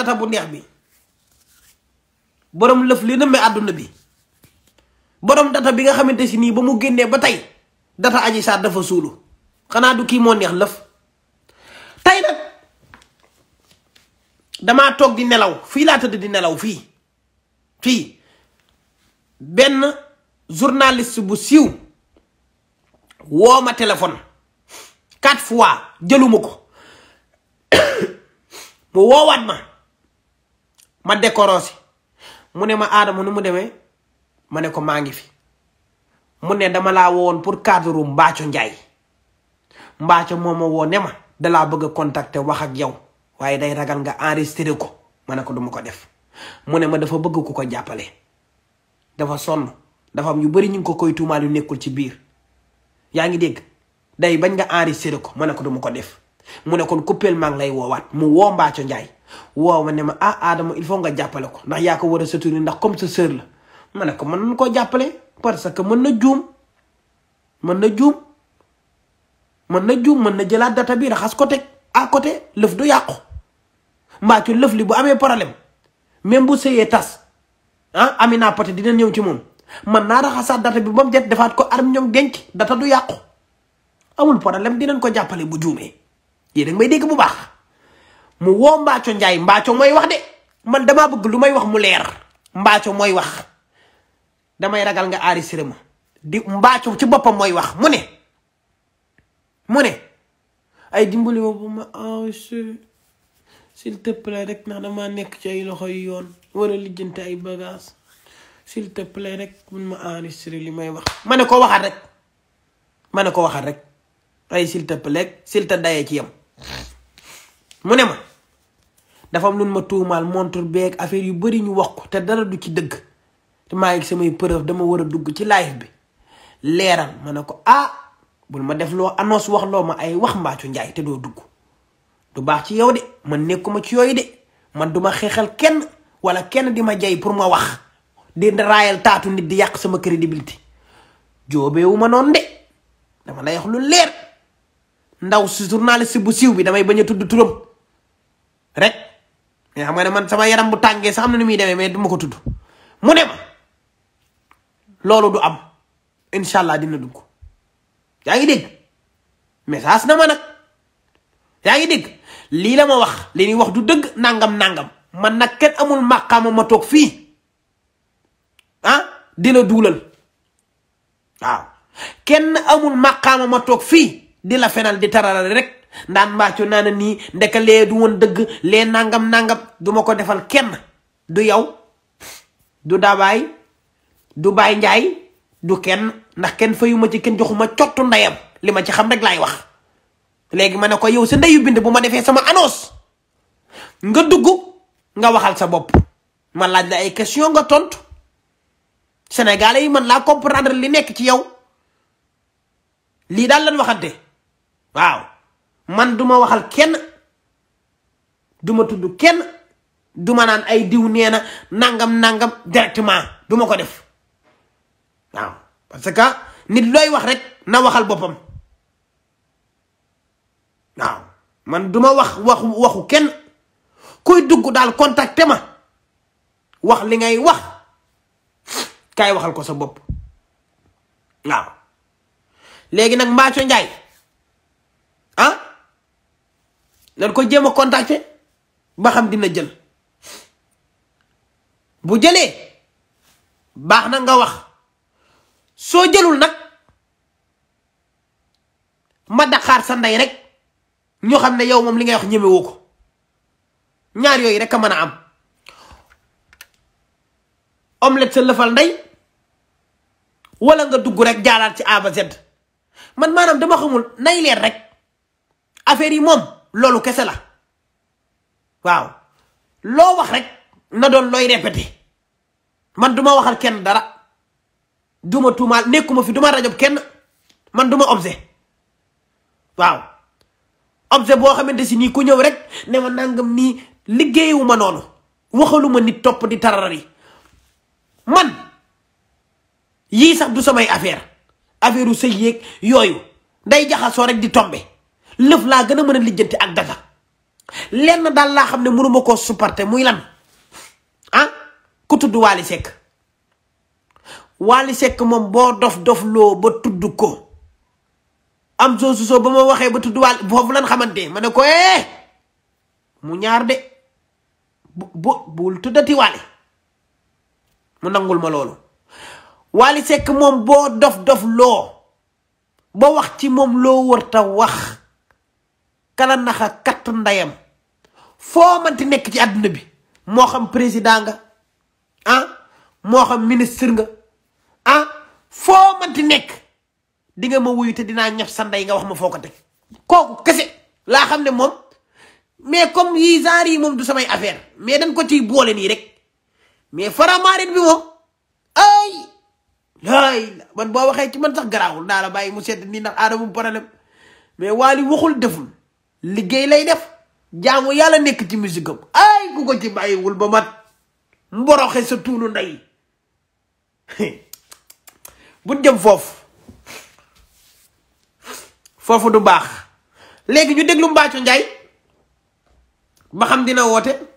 data bu neex bi borom lëf li nëmme àdduna bi borom data bi nga xamante si nii ba mu génnee ba tey data aji saar dafa suulu xanaa du kii moo neex lëf tey nag damaa toog di nelaw fii laa tëdd di nelaw fii fii benn journaliste bu siiw woo ma téléphone quatre fois jëluma ko mu woowaat ma ma décorosé mu ne ma aadama nu mu demee ma ne ko maa ngi fi mu ne dama laa woon pour cadre Mbaaco Njaay Mbaaco moo ma woo ne ma dalaa bëgg a contacter wax ak yow waaye day ragal nga enregistré ko ma ne ko duma ko def mu ne ma dafa bëgg ko ko jàppale dafa sonn dafa am yu bari ñu ngi ko koy tuumaal nekkul ci biir yaa ngi dégg day bañ nga enregistré ko ma ne ko duma ko def mu ne kon kuppeel maa ngi lay woowaat mu woo Mbathio Ndiaye woo ma ne ma ah Adama il faut nga jàppale ko ndax yaa ko war a soutenir ndax comme sa sœur la ma ne ko mën nañu koo jàppale parce que mën na juum mën na juum mën na juum mën na jëlaat data bi raxas ko à côté lëf du yàqu Mbathio lëf bu amee problème même bu sëyee tas ah Amina Poté dina ñëw ci moom man naa raxasaat data bi ba mu jet defaat ko arm ñoom denc data du yàqu amul problème dinañ ko jàppale bu juumee yéen a may dégg bu baax mu woo Mbaaco Njaay Mbaaco mooy wax de man damaa bëgg lu may wax mu leer Mbaaco mooy wax damay ragal nga enregistré ma di Mbaaco ci boppam mooy wax mu ne mu ne ay dimbali ma bu ma enregistré s'il rek ndax damaa nekk ci loxo yu yoon war a lijjante ay bagage s'il li may wax ma ne ko waxat rek ma ne ko waxaat rek ay s'il te plaît s'il te dayee ci yam mu ne ma dafa am lu ma tuumaal montar beek affaire yu bari ñu wax te dara du ci dëgg te maa ngi samay preuve dama war a dugg ci live bi leeral ma ne ko ah bul ma def loo annonce wax loo ma ay wax mbaacu njaay te doo dugg du baax ci yow de man nekkuma ci yooyu de man duma xeexal kenn wala kenn di ma jay pour ma wax di raayal taatu nit di yàq sama crédibilité joobeewu ma noonu de dama lay wax lu leer ndaw si si bu siw bi damay bañ a tudd turam rek nga xam nga man sama yaram bu tàngee sax am na nu muy demee mais duma ko tudd mu ne loolu du am incha allah dina dugg yaa ngi dégg message na ma nag yaa ngi dégg lii la ma wax li ñuy wax du dëgg nangam nangam man nag kenn amul màqaama ma toog fii ah dina duulal ah kenn amul màqaama ma toog fii di la fenal di tararale rek ndaan mbaacu naa ne nii ndeka lee du woon dëgg lee nangam nangam du ma ko defal kenn du yow du dabaay du baay njaay du kenn ndax kenn fayuma ci kenn joxuma cottu ndeyam li ma ci xam rek laay wax léegi ma ne ko yow sa ndeyu bind bu ma defee sama annonce nga dugg nga waxal sa bopp ma laaj la ay question nga tontu sénégalais yi man laa comprendre li nekk ci yow lii daal lan waxante waaw man duma waxal kenn duma tudd kenn duma naan ay diw nee na nangam nangam directement duma ko def waaw parce que nit looy wax rek na waxal boppam waaw man duma wax wax waxu kenn kuy dugg daal contacté ma wax li ngay wax kaay waxal ko sa bopp waaw léegi nag Mbathio Ndiaye ah nan ko jéem a contacter ba xam dina jël bu jëlee baax na nga wax soo jëlul nag ma xaar sa ndey rek ñu xam ne yow moom li ngay wax ñemewoo ko ñaar yooyu rek a mën a am omelette sa lëfal ndey wala nga dugg rek jaalaat ci A ba Z man maanaam dama xamul nay leer rek affaire yi moom loolu kese la waaw loo wax rek na doon looy répété man duma waxal kenn dara du ma tuumaal nekkuma fi du ma rajob kenn man du ma objet waaw objet boo xamante si nii ku ñëw rek ne ma nangam nii liggéeyu ma noonu waxaluma nit topp di tararari man yii sax du samay affaire affaire u sëy yéeg yooyu day jaxasoo rek di tombe lëf laa gën a mën a lijjanti ak daga lenn daal laa xam ne mënuma koo supporter muy lan ah ku tudd Wally sekk Wally Seck moom boo dof dof loo ba tudd ko am soo su soo ba ma waxee ba tudd Wally lan xamante ma ne ko eh mu ñaar de bu bu bul nangul ma loolu Wally sekk moom boo dof dof loo ba wax ci moom loo wërta wax kala naxa katt ndeyam foo manti nekk ci àdduna bi moo xam président nga ah moo xam ministre nga ah foo man manti nekk di nga ma wuyu te dinaa ñaf sa ndey nga wax ma foo ko teg kooku kese laa xam ne moom mais comme yi genre yi moom du samay affaire mais dañ ko ciy boole nii rek mais faramaarin bi moom ay laay man boo waxee ci man sax garaawul daa la bàyyi mu sedd nii ndax aadamum problème mais waali waxul deful liggéey lay def jaamu yàlla nekk ci musique am ay ku ko ci bàyyiwul ba mat mboroxe sa tuulu ndey bu jëm foofu foofu du baax léegi ñu déglu Mbathio Ndiaye ba xam dina woote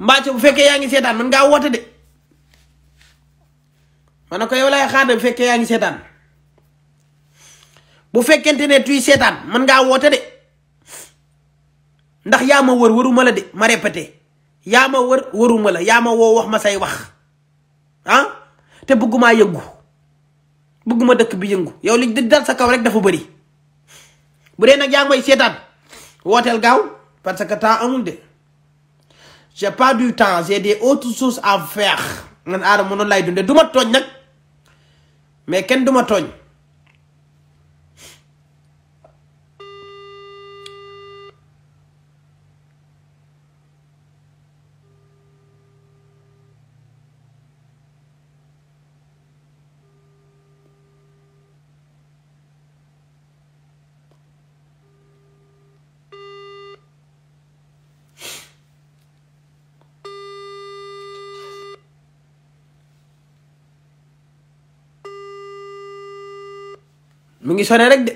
Mbathio bu fekkee yaa ngi seetaan mën ngaa woote de ma ne ko yow laay xaar bu fekkee yaa ngi seetaan bu fekkente ne tuy seetaan mën ngaa woote de ndax yaa ma wër waruma la de ma répété yaa ma wër waruma la yaa ma woo wax ma say wax ah te bëggumaa yëngu bëgguma dëkk bi yëngu yow li di dal sa kaw rek dafa bëri bu dee nag yaa ngi seetaan wooteel gaaw parce que temps amul de j'ai pas du temps j'ai des autres choses à faire man aadama noonu lay dundee duma toñ tooñ nag mais kenn du ma tooñ mu ngi sone rek de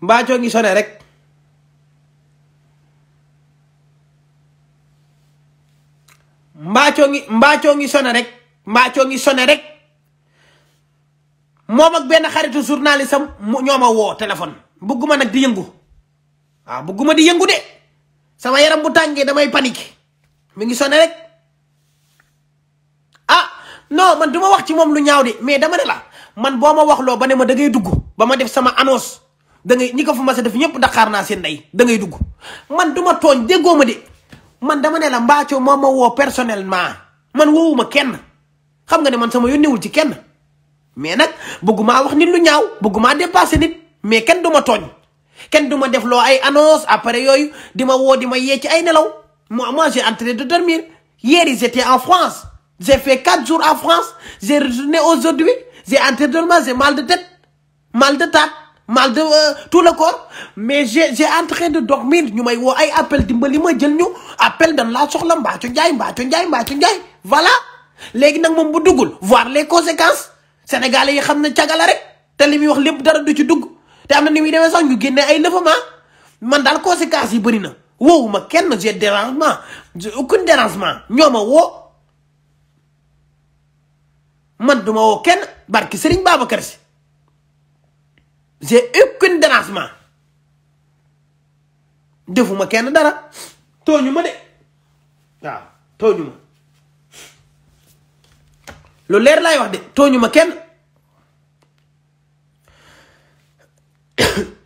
mbaacoo ngi sone rek mbaacoo ngi mbaacoo ngi sone rek mbaacoo ngi sone rek moom ak benn xaritu journaliste am mu ma woo téléphone bëgguma nag di yëngu waaw ah, bëgguma di yëngu de sama yaram bu tàngee damay panique mu ngi sone rek non man du ma wax ci moom lu ñaaw de mais dama ne la man boo ma wax loo ba ne ma da ngay dugg ba ma def sama annonce da ngay ñi ko fu ma a def ñëpp daqaar naa seen ndey da dugg man du ma tooñ déggoo ma de man dama ne la Mbathio moo ma woo personnellement man woowuma kenn xam nga ne man sama yónneewul ci kenn mais nag bëggumaa wax nit lu ñaaw bëggumaa dépassé nit mais kenn du ma tooñ kenn du ma def loo ay annonce après yooyu di ma woo di ma yee ci ay nelaw moi moi j'ai entré de dormir hier j'étais en France J'ai fait quatre jours en France, j'ai retourné aujourd'hui, j'ai entraînement, j'ai mal de tête, mal de tête, mal de euh, tout le corps. Mais j'ai j'ai en train de dormir ñu may woo ay appel dimbali ma jël ñu appel dañ laa soxla Mbathio Ndiaye Mbathio Ndiaye Mbathio Ndiaye voilà léegi nag moom bu duggul voir les conséquence sénégalais yi xam na cagala rek te li muy wax lépp dara du ci dugg te am na ni muy demee sax ñu génnee ay lëfama man daal conséquences yi bëri na woowu ma kenn j'ai dérangement aucun ñoo ma woo man duma woo kenn barki Serigne Babacar Sy j'ai aucun dérangement defuma kenn dara tooñu ma de waaw tooñu ma lu leer laay wax de tooñu ma kenn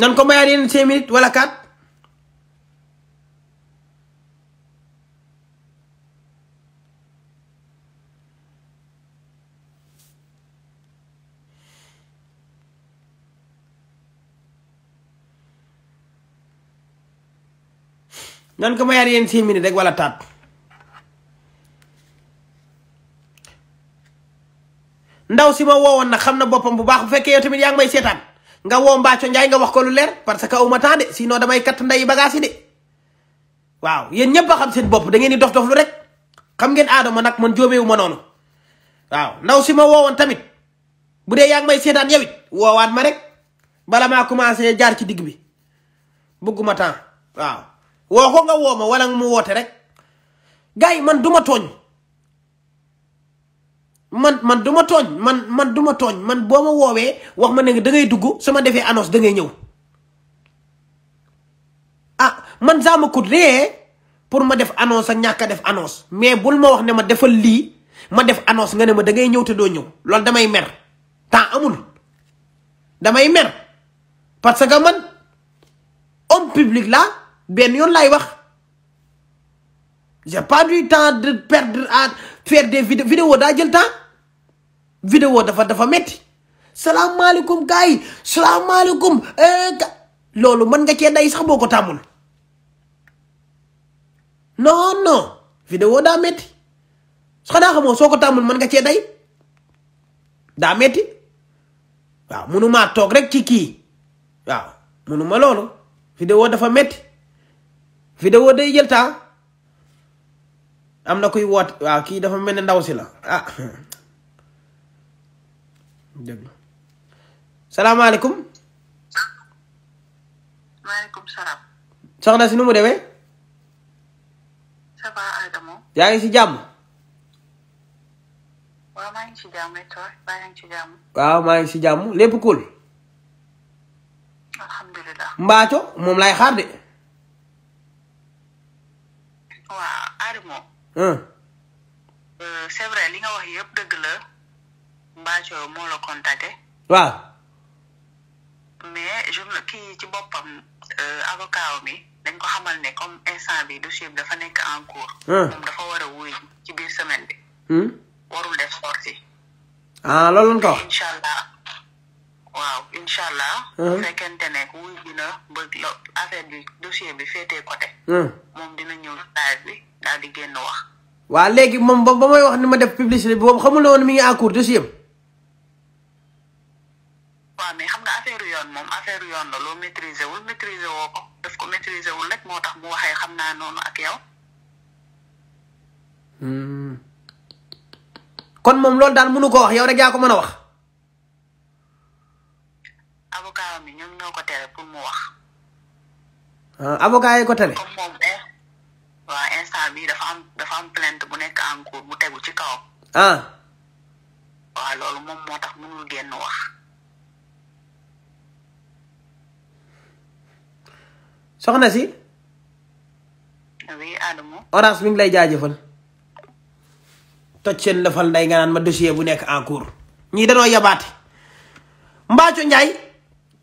nan ko mayaat yeneen cinq minutes wala quatre nan ko mayaat yeneen cinq minutes rek wala taat ndaw si ma woowoon nag xam na boppam bu baax bu fekkee yow tamit yaa ngi may seetaan nga woo Mbacco Ndiaye nga wax ko lu leer parce que aw ma temps de sinon damay kat nday bagages yi de waaw yéen ñëpp a xam seen bopp da ngeen di dof dof lu rek xam ngeen aadama nag man jóobeewu ma noonu waaw ndaw si ma woowoon tamit bu dee yaa may seetaan yow it woowaat ma rek bala maa commencé jaar ci digg bi bëgguma temps waaw woo ko nga woo ma wala mu woote rek gars yi man du ma tooñ. man man du ma tooñ man man du ma tooñ man boo ma woowee wax ma ne nga da ngay dugg su ma defee annonce dangay ñëw ah man saa ma ree pour ma def annonce ak ñàkk a def annonce mais bul ma wax ne ma defal lii ma def annonce nga ne ma da ngay ñëw te doo ñëw loolu damay mer temps amul damay mer parce que man homme public la benn yoon laay wax j'ai pas du temps de perdre à faire des vidéos daa jël temps vidéo dafa dafa metti salaamaaleykum gars yi salaamaaleykum eh, loolu mën nga cee day sax boo ko tàmmul non non vidéo daa metti xanaa xamoo soo ko tàmmul mën nga cee day daa metti waaw munumaa toog rek ci kii waaw munuma loolu vidéo dafa metti vidéo de jël temps am na kuy woot waaw kii dafa mel ne ndaw si la ah, dégg nga salaamaaleykum. maaleykum salaam. soxna si nu mu demee. ça va Adamo. yaa ngi si jàmm. waaw maa ngi si jàmm et toi maa ngi si jàmm. waaw maa ngi si jàmm lépp cool. xaar de. waaw Adamo. Euh, c'est li nga wax yëpp dëgg la. Mbathio moo la contacté. waaw. mais journal kii ci boppam euh, avocat mi dañ ko xamal ne comme instant bi dossier bi dafa nekk en cours. Ah. moom dafa war wuy ci biir semaine bi. Hmm? warul def sortie. ah loolu lañ ko wax. incha allah waaw incha allah. bu ah. fekkente ne wuy dina ba affaire bi dossier bi féetee côté. Ah. moom dina ñëw live bi daal di génn wax. waa léegi moom ba ba may wax ni ma def publicité bi moom xamul woon mi ngi en cours dossier bi. yoon moom affaire yoon la loo maîtriser wul maîtriser woo ko daf ko maîtriser wul rek moo tax mu waxee xam naa noonu ak yow. Hmm. kon moom loolu daal mënu ko wax yow rek yaa ko mën a wax. avocat mi ñoom ñoo ko tere pour mu wax. ah avocat ko tere. comme moom eh, waa instant bii dafa am dafa am plainte bu nekk en mu bu tegu ci kawam. ah. waaw loolu moom moo tax mënul génn wax. soxna si. oui Adamo. orange mi ngi lay jaajëfal. toj seen lëfal nday nga naan ma dossier bu nekk en cours. ñii danoo yabaate. Mbaaco Ndiaye.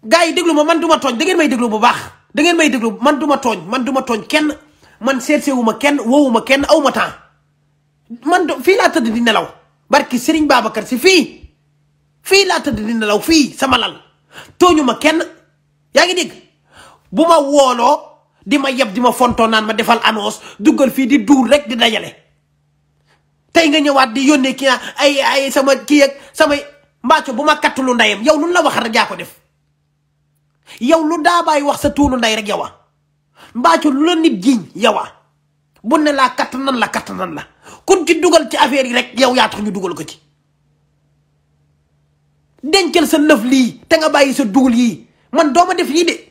gaa yi déglu ma man du ma tooñ da ngeen may déglu bu baax da ngeen may man du ma tooñ man du ma tooñ kenn man seetsewu ma kenn woowu ma kenn aw ma temps man fii laa tëdd di nelaw barki Serigne Babacar si fii fii laa tëdd di nelaw fii sama lal tooñu ma kenn yaa ngi dégg. bu ma wooloo di ma yeb di ma fontoo naan ma defal annonce dugal fii di duur rek di dajale tey nga ñëwaat di yónnee kii ay ay sama kii sama samay mbaaco bu ma kattulu ndeyam yow lu la wax rek def yow lu daa bàyyi wax sa tuulu ndey rek yowa mbaaco lu la nit jiiñ yowa bu ne laa katt nan la katt nan la kun ci dugal ci affaire yi rek yow yaa tax ñu dugal ko ci dencal sa lëf lii te nga bàyyi sa dugal yi man dooma def yii de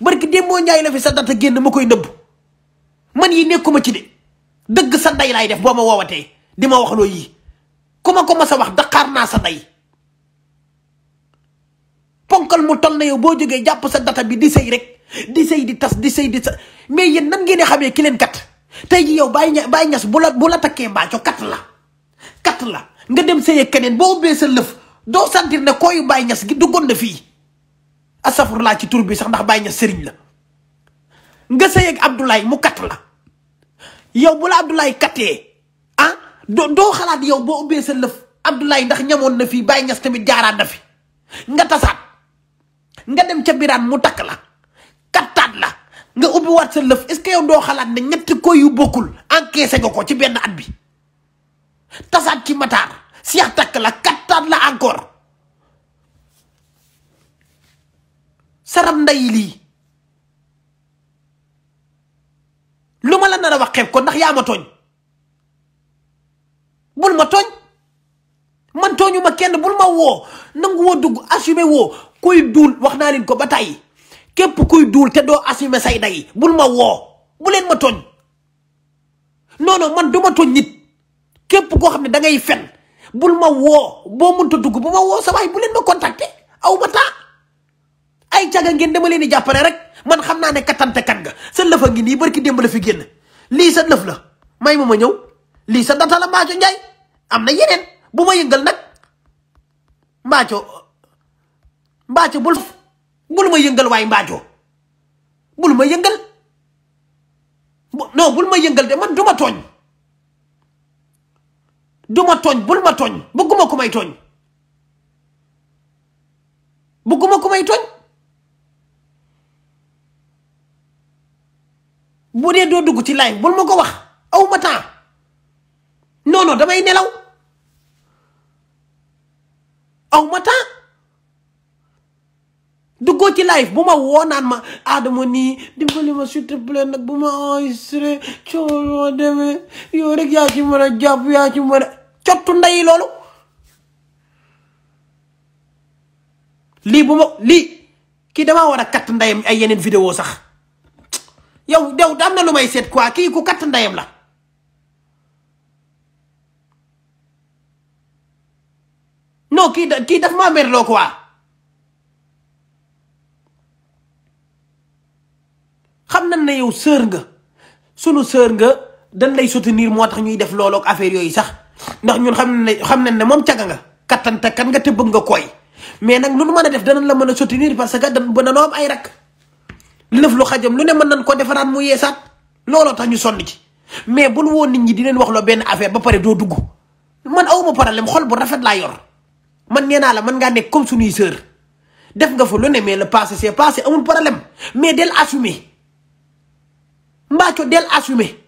barki démboo njaay la fi sa data génn ma koy nëbb man yi nekkuma ci de dëgg sa day laay def boo ma woowatee di ma wax loo yii ku ma ko mas a wax daqaar naa sa day ponkal mu toll na yow boo jógee jàpp sa data bi di sëy rek di sëy di tas di sëy di sa mais yéen nan ngeen di xamee ki leen kat tey ji yow bàyyi ña bàyyi ñas bu la bu la takkee mbaaco kat la kat la nga dem sëyee keneen boo ubbee sa lëf doo sentir ne kooyu bàyyi ñas gi duggoon na fii asafur laa ci tur bi sax ndax bàyyi na sëriñ la nga sëy ak Abdoulaye mu kat la yow bu la Abdoulaye kattee ah doo xalaat yow boo ubbee sa lëf Abdoulaye ndax ñamoon na fi Baye Niass tamit jaaraat na fi nga tasaat nga dem ca biraan mu takk la kattaat la nga ubbi waat sa lëf est-ce que yow doo xalaat ne ñetti ko yu bokkul encaissé nga ko ci benn at bi tasaat ci mataar seex takk la kattaat la encore sarab ndey lii lu ma la nar a wax xeeb ko ndax yaa ma tooñ bul ma tooñ man tooñu ma kenn bul ma woo nangu dugg assumé woo kuy duul wax naa leen ko ba tàyyi képp kuy duul te doo assumé say day bul ma woo bu ma tooñ non non man du ma tooñ nit képp koo xam ne dangay fen bul ma woo boo mënta dugg bu ma woo sa waay bu leen ma contacter aw ma taa caga ngeen dama leen di jàppale rek man xam naa ne kattante kat nga sa lëfa ngi nii fi génn lii sa lëf la may ma ma ñëw lii sa data la am na yeneen bu ma yëngal nag Mbathio Mbathio bul bul ma yëngal waaye Mbathio bul ma yëngal non bul ma yëngal de man du ma tooñ du tooñ bul ma tooñ bëgguma ku may tooñ bëgguma ku may tooñ bu dee doo dugg ci live bul ma ko wax aw ma temps non non damay nelaw aw ma temps duggoo ci live bu ma woo naan ma Adamo nii dimbali ma s'il te plaît nag bu ma enregistré coono demee yow rek yaa ci mën a jàpp yaa ci mën a cottu nday loolu lii bu ma lii kii damaa war a katt ndeyam ay yeneen vidéo sax yow dew am na lu may seet quoi kii ku katt ndeyam la non kii da kii daf maa merloo quoi xam nan ne yow sœur nga sunu sœur nga dan lay soutenir moo tax ñuy def loolu ak yooyu sax ndax ñun xam ne xam nañ ne moom caga nga kattante kan nga te bëgg nga koy mais nag lu nu mën a def danañ la mën a soutenir parce que dañ ba nanoo am ay rakk lëf lu xajam lu ne mën nañ koo defaraan mu yeesaat looloo tax ñu sonn ci mais bul woon nit ñi di leen wax loo benn affaire ba pare doo dugg man awuma problème xol bu rafet laa yor man nee naa la mën ngaa nekk comme suñuy sœur def nga fa lu ne mais le passé c'est passé amul problème mais del assumer mbaaco del assumer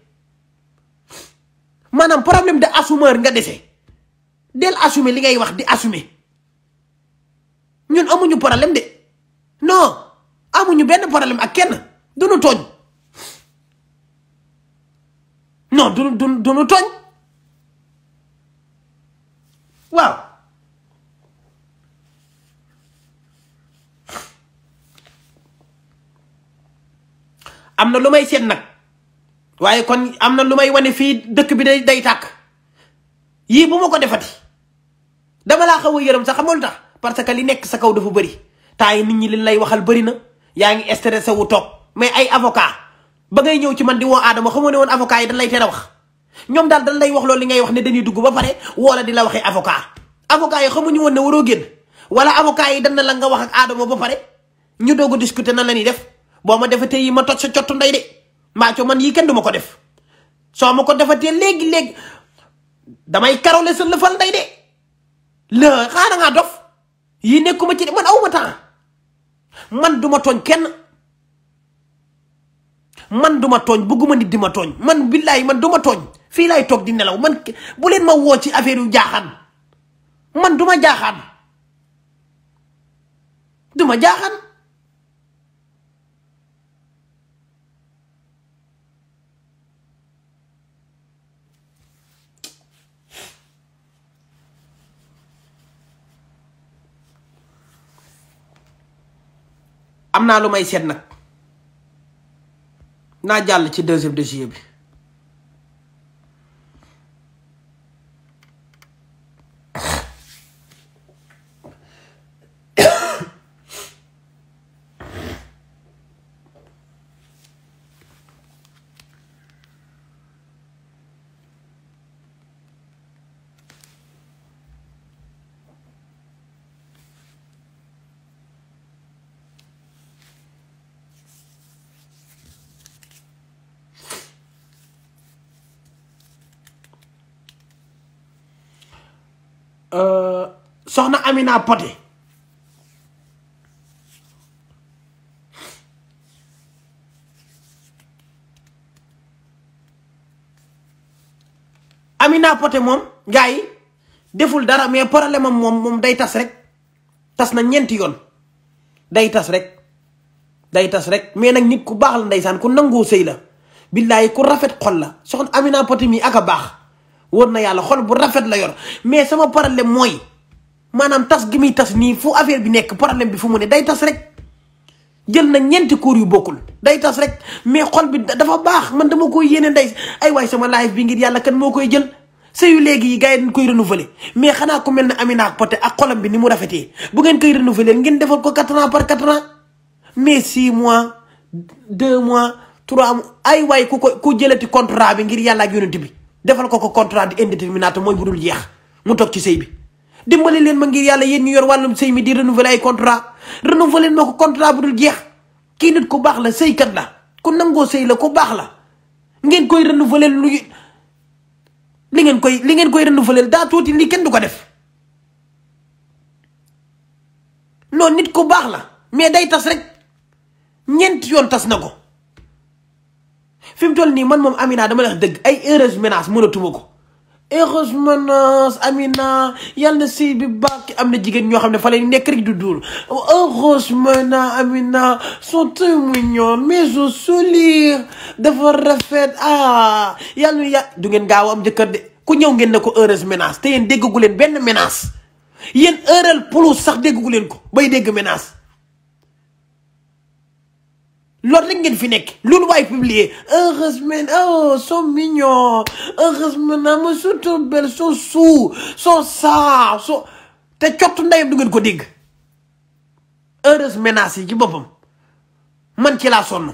maanaam problème de assumeur nga dese del assumer li ngay wax di assumé ñun amuñu problème de non amuñu benn problème ak kenn duñu tooñ non duñu duñu tooñ waaw am na lu may seet nag waaye kon am na lu may wane fii dëkk bi day day tàkk yii bu ma ko defati dama laa xaw a yërëm sax xamul tax parce que li nekk sa kaw dafa bari temps yi nit ñi liñ lay waxal bari na yaa ngi stressé wu toog mais ay avocat ba ngay ñëw ci man di woo Adama xamoo ne woon avocat yi dañ lay tere wax ñoom daal dañ lay wax li ngay wax ne dañuy dugg ba pare wala di la waxee avocat avocat yi xamuñu woon ne waroo génn wala avocat yi dañ na la nga wax ak Adama ba pare ñu doog a discuter nan la ñuy def boo ma defatee yi ma toj sa cottu ndey de mbaaco man yii kenn du ma ko def soo ma ko defatee léegi léegi damay karole sa lëfal ndey de la xaarangaa dof yii nekkuma ci man awuma temps man duma tooñ kenn man duma tooñ bëgguma nit di ma tooñ man billaay man duma tooñ fii laay toog di nelaw man bu leen ma woo ci affaire yu jaaxaan man duma jaaxaan duma jaaxaan am naa lu may seet nag naa jàll ci deuxième de juillet bi soxna Amina Poté Amina Poté moom gars yi deful dara mais parale am moom day tas rek tas na ñeenti yoon day tas rek day tas rek mais nag nit ku baax la ndeysaan ku nangoo sëy la billaahi ku rafet xol la soxna Amina Poté mii ak a baax wóor na yàlla xol bu rafet la yor mais sama problème mooy maanaam tas gi muy tas nii fu affaire bi nekk problème bi fu mu ne day tas rek jël na ñeenti cours yu bokkul day tas rek mais xol bi dafa baax man dama koy yéene ndey ay waay sama live bi ngir yàlla kan moo koy jël sëyu léegi yi gars yi koy renouveler mais xanaa ku mel ne Amina ak Poté ak bi ni mu rafetee bu ngeen koy renouveler ngeen defal ko quatre ans par mais six mois deux mois trois mois ay waay ku ko ku jëlati contrat bi ngir yàlla ak yonent bi defal ko ko contrat indéterminé mooy bu dul jeex mu toog ci sëy bi dimbali leen ma ngir yàlla yéen ñu yor wàllum sëy mi di renouveler ay contrat renouveler ma ko contrat bu dul jeex kii nit ko baax la sëykat la ku nangoo sey la ku baax la ngeen koy renouveler lu li ngeen koy li ngeen koy renouveler daa tuuti lii kenn du ko def non nit ko baax la mais day tas rek ñeent yoon tas na ko fi mu toll nii man moom Amina dama la wax dëgg ay heureuse menace mënatuma ko heureuse menace Amina yal na sëy bi bàkk am na jigéen ñoo xam ne fa lay nekk rek du duur heureuse menace Amina sont très mignons mais au sourire dafa rafet ah yal na ya du ngeen gaaw am jëkkër de ku ñëw ngeen ne ko heureuse menace te yéen déggagu leen benn menace yéen heurel plus sax déggagu leen ko bay dégg menace. loolu rek ngeen fi nekk loolu waay publier heureusement oh sont mignons heureusement naam ah, sont belles sont sous ko dégg heureuse menaces yi ci boppam man ci laa sonn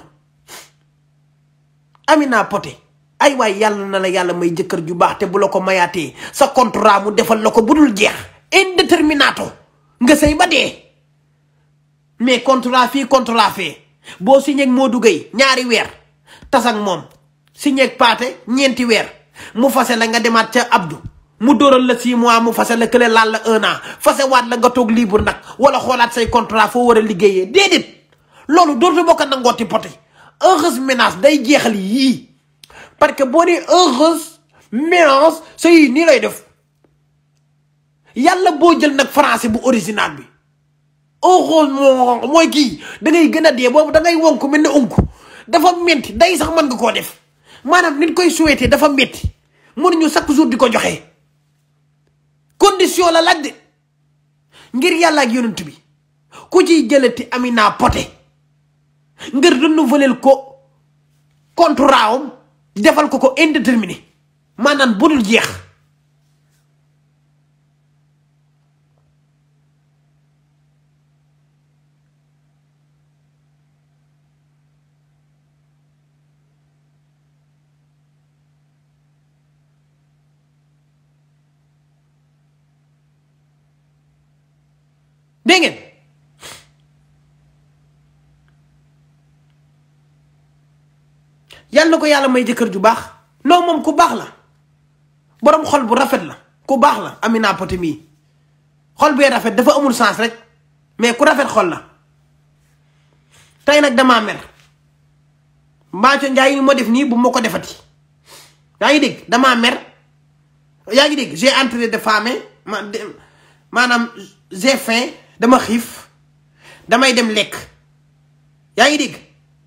Amina Poté ay waay yàlla na la yàlla may jëkkër ju baax te bu la ko mayaatee sa contrat mu defal la ko bu dul jeex indéterminato nga sëy ba dee mais contrat fii contrat fee boo signé ak Modou Gueye ñaari weer tas moom signé ak Pathé ñeenti weer mu fase la nga demaat ca Abdou mu dóoral la six mois mu fase la kële laal la un an fase waat la nga toog libre nag wala xoolaat say contrat foo war a liggéeyee déedéet loolu dootu bokk nangooti poté heureuse ménage day jeexal yii parce que boo nee heureuse ménage sa yii nii lay def yàlla boo jël nag français bu original bi oxoon moo mooy kii da ngay gën a dee boobu da ngay wonk mel ne unku dafa metti day sax mën nga koo def maanaam nit koy souhaité dafa metti mënuñu chaque jour di ko joxe condition la laaj de ngir yàlla ak yonent bi ku ciy jëlati naa Poté ngir renouveler ko contrat am defal ko ko indéterminé maanaam budul jeex. dégg ngeen yàlla na ko yàlla may jëkkër ju baax non moom ku baax la boroom xol bu rafet la ku baax la Amina Poté mii xol bee rafet dafa amul sens rek mais ku rafet xol la tey nag damaa mer Mbathio Ndiaye ñu ma def nii bu ma ko defati yaa ngi dégg damaa mer yaa ngi dégg j'ai entré de femme maanaam j'ai faim dama xiif damay dem lekk yaa ngi dégg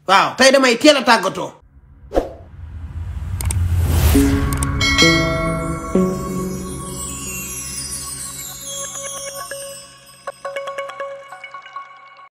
waaw tey damay teel a tàggatoo